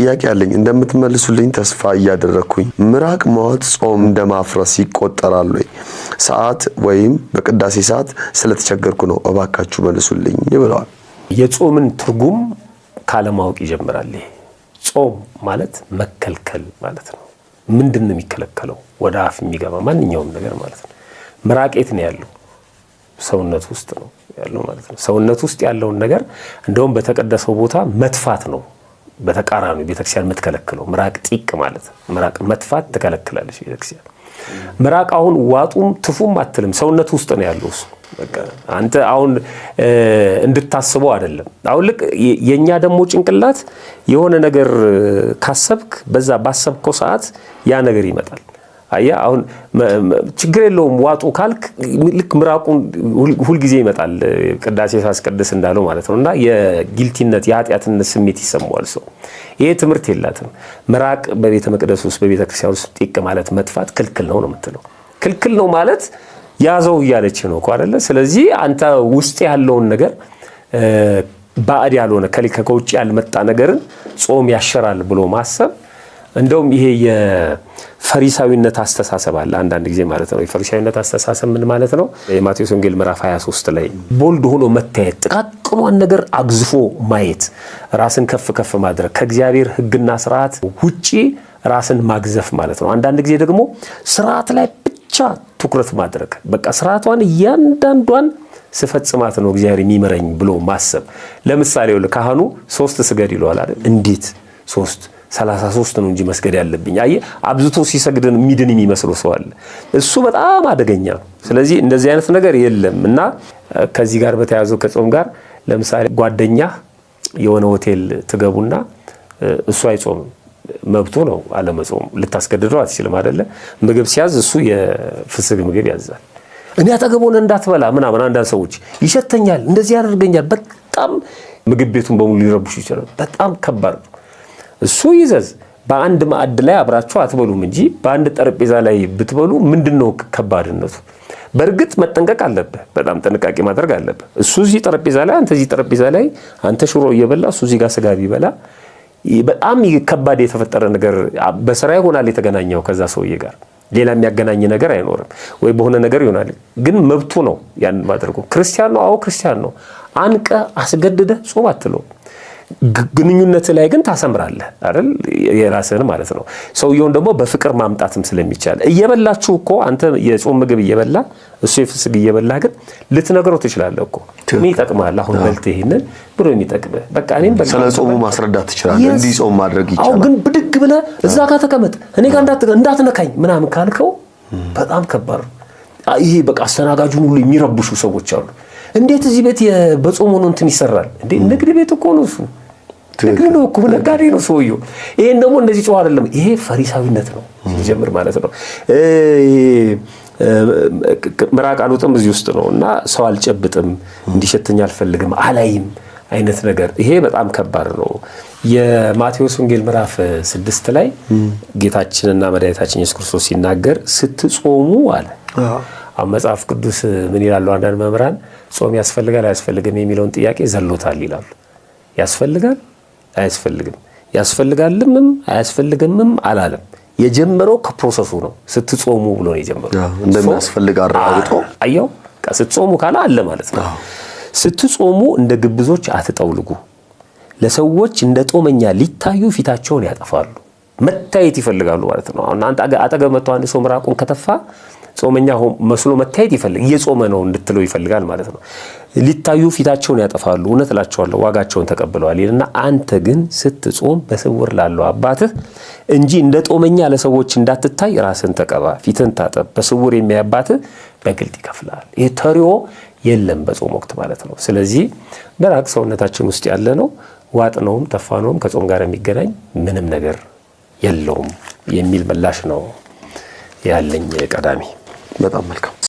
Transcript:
ጥያቄ አለኝ እንደምትመልሱልኝ ተስፋ እያደረግኩኝ። ምራቅ ማወጥ ጾም እንደማፍረስ ይቆጠራሉ ሰዓት ወይም በቅዳሴ ሰዓት ስለተቸገርኩ ነው፣ እባካችሁ መልሱልኝ ብለዋል። የጾምን ትርጉም ካለማወቅ ይጀምራል። ጾም ማለት መከልከል ማለት ነው። ምንድን ነው የሚከለከለው? ወደ አፍ የሚገባ ማንኛውም ነገር ማለት ነው። ምራቄት ነው ያለው? ሰውነት ውስጥ ነው ያለው ማለት ነው። ሰውነት ውስጥ ያለውን ነገር እንደውም በተቀደሰው ቦታ መትፋት ነው በተቃራኒ ቤተክርስቲያን የምትከለክለው ምራቅ ጢቅ ማለት ምራቅ መትፋት ትከለክላለች ቤተክርስቲያን። ምራቅ አሁን ዋጡም ትፉም አትልም፣ ሰውነት ውስጥ ነው ያለው እሱ። አንተ አሁን እንድታስበው አይደለም። አሁን ልክ የእኛ ደግሞ ጭንቅላት የሆነ ነገር ካሰብክ በዛ ባሰብከው ሰዓት ያ ነገር ይመጣል። አያ አሁን ችግር የለውም ዋጡ ካልክ ልክ ምራቁን ሁልጊዜ ይመጣል። ቅዳሴ ሳስቀድስ እንዳለው ማለት ነው። እና የጊልቲነት የኃጢአትነት ስሜት ይሰማዋል ሰው። ይሄ ትምህርት የላትም። ምራቅ በቤተ መቅደስ ውስጥ በቤተ ክርስቲያን ውስጥ ጢቅ ማለት መጥፋት ክልክል ነው ነው የምትለው። ክልክል ነው ማለት ያዘው እያለች ነው እኮ አይደለ? ስለዚህ አንተ ውስጥ ያለውን ነገር ባዕድ ያልሆነ ከውጭ ያልመጣ ነገርን ጾም ያሸራል ብሎ ማሰብ እንደውም ይሄ ፈሪሳዊነት አስተሳሰብ አለ አንዳንድ ጊዜ ማለት ነው። የፈሪሳዊነት አስተሳሰብ ምን ማለት ነው? የማቴዎስ ወንጌል ምዕራፍ 23 ላይ ቦልድ ሆኖ መታየት፣ ጥቃቅኗን ነገር አግዝፎ ማየት፣ ራስን ከፍ ከፍ ማድረግ፣ ከእግዚአብሔር ሕግና ስርዓት ውጪ ራስን ማግዘፍ ማለት ነው። አንዳንድ ጊዜ ደግሞ ስርዓት ላይ ብቻ ትኩረት ማድረግ፣ በቃ ስርዓቷን እያንዳንዷን ስፈጽማት ነው እግዚአብሔር የሚመረኝ ብሎ ማሰብ። ለምሳሌ ካህኑ ሶስት ስገድ ይለዋል አይደል? እንዴት ሶስት 33 ነው እንጂ መስገድ ያለብኝ። አየ አብዝቶ ሲሰግድን የሚድን የሚመስለው ሰው አለ። እሱ በጣም አደገኛ ነው። ስለዚህ እንደዚህ አይነት ነገር የለም እና ከዚህ ጋር በተያያዘው ከጾም ጋር ለምሳሌ ጓደኛ የሆነ ሆቴል ትገቡና እሱ አይጾምም። መብቱ ነው አለመጾም፣ ልታስገድደው አትችልም አይደለ? ምግብ ሲያዝ እሱ የፍስግ ምግብ ያዛል። እኔ አጠገብ እንዳትበላ ምናምን። አንዳንድ ሰዎች ይሸተኛል፣ እንደዚህ ያደርገኛል። በጣም ምግብ ቤቱን በሙሉ ሊረብሹ ይችላል። በጣም ከባድ ነው። እሱ ይዘዝ። በአንድ ማዕድ ላይ አብራችሁ አትበሉም እንጂ በአንድ ጠረጴዛ ላይ ብትበሉ ምንድን ነው ከባድነቱ? በእርግጥ መጠንቀቅ አለብህ። በጣም ጥንቃቄ ማድረግ አለብህ። እሱ እዚህ ጠረጴዛ ላይ፣ አንተ እዚህ ጠረጴዛ ላይ አንተ ሽሮ እየበላ እሱ እዚህ ጋር ስጋ ቢበላ በጣም ከባድ የተፈጠረ ነገር በስራ ይሆናል የተገናኘው ከዛ ሰውዬ ጋር ሌላ የሚያገናኝ ነገር አይኖርም፣ ወይ በሆነ ነገር ይሆናል። ግን መብቱ ነው ያን ማድረጉ። ክርስቲያን ነው፣ አዎ ክርስቲያን ነው። አንቀ አስገድደ ጾም አትለው ግንኙነት ላይ ግን ታሰምራለህ አይደል? የራስህን ማለት ነው። ሰውየውን ደግሞ በፍቅር ማምጣትም ስለሚቻል እየበላችሁ እኮ አንተ የጾም ምግብ እየበላ እሱ የፍስግ እየበላ ግን ልትነግረው ትችላለህ እኮ ምን ይጠቅማል አሁን በልት ይሄንን ብሎ የሚጠቅምህ በቃ እኔም ስለ ጾሙ ማስረዳት ትችላለህ። እንዲህ ጾም ማድረግ ይቻላል። ግን ብድግ ብለህ እዛ ጋር ተቀመጥ እኔ ጋር እንዳትነካኝ ምናምን ካልከው በጣም ከባድ ነው። ይሄ በቃ አስተናጋጁን ሁሉ የሚረብሹ ሰዎች አሉ። እንዴት እዚህ ቤት በጾም ሆኖ እንትን ይሰራል እንዴ? ንግድ ቤት እኮ ነው እሱ። ትክክል ነው እኮ ነጋዴ ነው ሰውየው። ይሄን ደግሞ እንደዚህ ጨዋ አይደለም። ይሄ ፈሪሳዊነት ነው ሲጀምር ማለት ነው። ምራቅ አልውጥም እዚህ ውስጥ ነው እና ሰው አልጨብጥም፣ እንዲሸተኝ አልፈልግም፣ አላይም አይነት ነገር ይሄ በጣም ከባድ ነው። የማቴዎስ ወንጌል ምዕራፍ ስድስት ላይ ጌታችንና መድኃኒታችን ኢየሱስ ክርስቶስ ሲናገር ስትጾሙ አለ። አሁን መጽሐፍ ቅዱስ ምን ይላሉ? አንዳንድ መምህራን ጾም ያስፈልጋል አያስፈልግም የሚለውን ጥያቄ ዘሎታል ይላሉ። ያስፈልጋል አያስፈልግም ያስፈልጋልምም አያስፈልግምም አላለም። የጀመረው ከፕሮሰሱ ነው። ስትጾሙ ብሎ ነው የጀመረው። እንደሚያስፈልግ አረጋግጦ አየው። ስትጾሙ ካለ አለ ማለት ነው። ስትጾሙ እንደ ግብዞች አትጠውልጉ። ለሰዎች እንደ ጦመኛ ሊታዩ ፊታቸውን ያጠፋሉ። መታየት ይፈልጋሉ ማለት ነው። አሁን አጠገብ መጥቶ አንድ ሰው ምራቁን ከተፋ ጾመኛ መስሎ መታየት ይፈልግ እየጾመ ነው እንድትለው ይፈልጋል ማለት ነው። ሊታዩ ፊታቸውን ያጠፋሉ፣ እውነት እላቸዋለሁ ዋጋቸውን ተቀብለዋል ይልና አንተ ግን ስትጾም በስውር ላለው አባትህ እንጂ እንደ ጦመኛ ለሰዎች እንዳትታይ ራስን ተቀባ፣ ፊትን ታጠብ፣ በስውር የሚያይ አባትህ በግልጥ ይከፍላል። ይህ ተሪዮ የለም በጾም ወቅት ማለት ነው። ስለዚህ በራቅ ሰውነታችን ውስጥ ያለ ነው ዋጥነውም ተፋነውም ከጾም ጋር የሚገናኝ ምንም ነገር የለውም የሚል ምላሽ ነው ያለኝ ቀዳሚ በጣም መልካም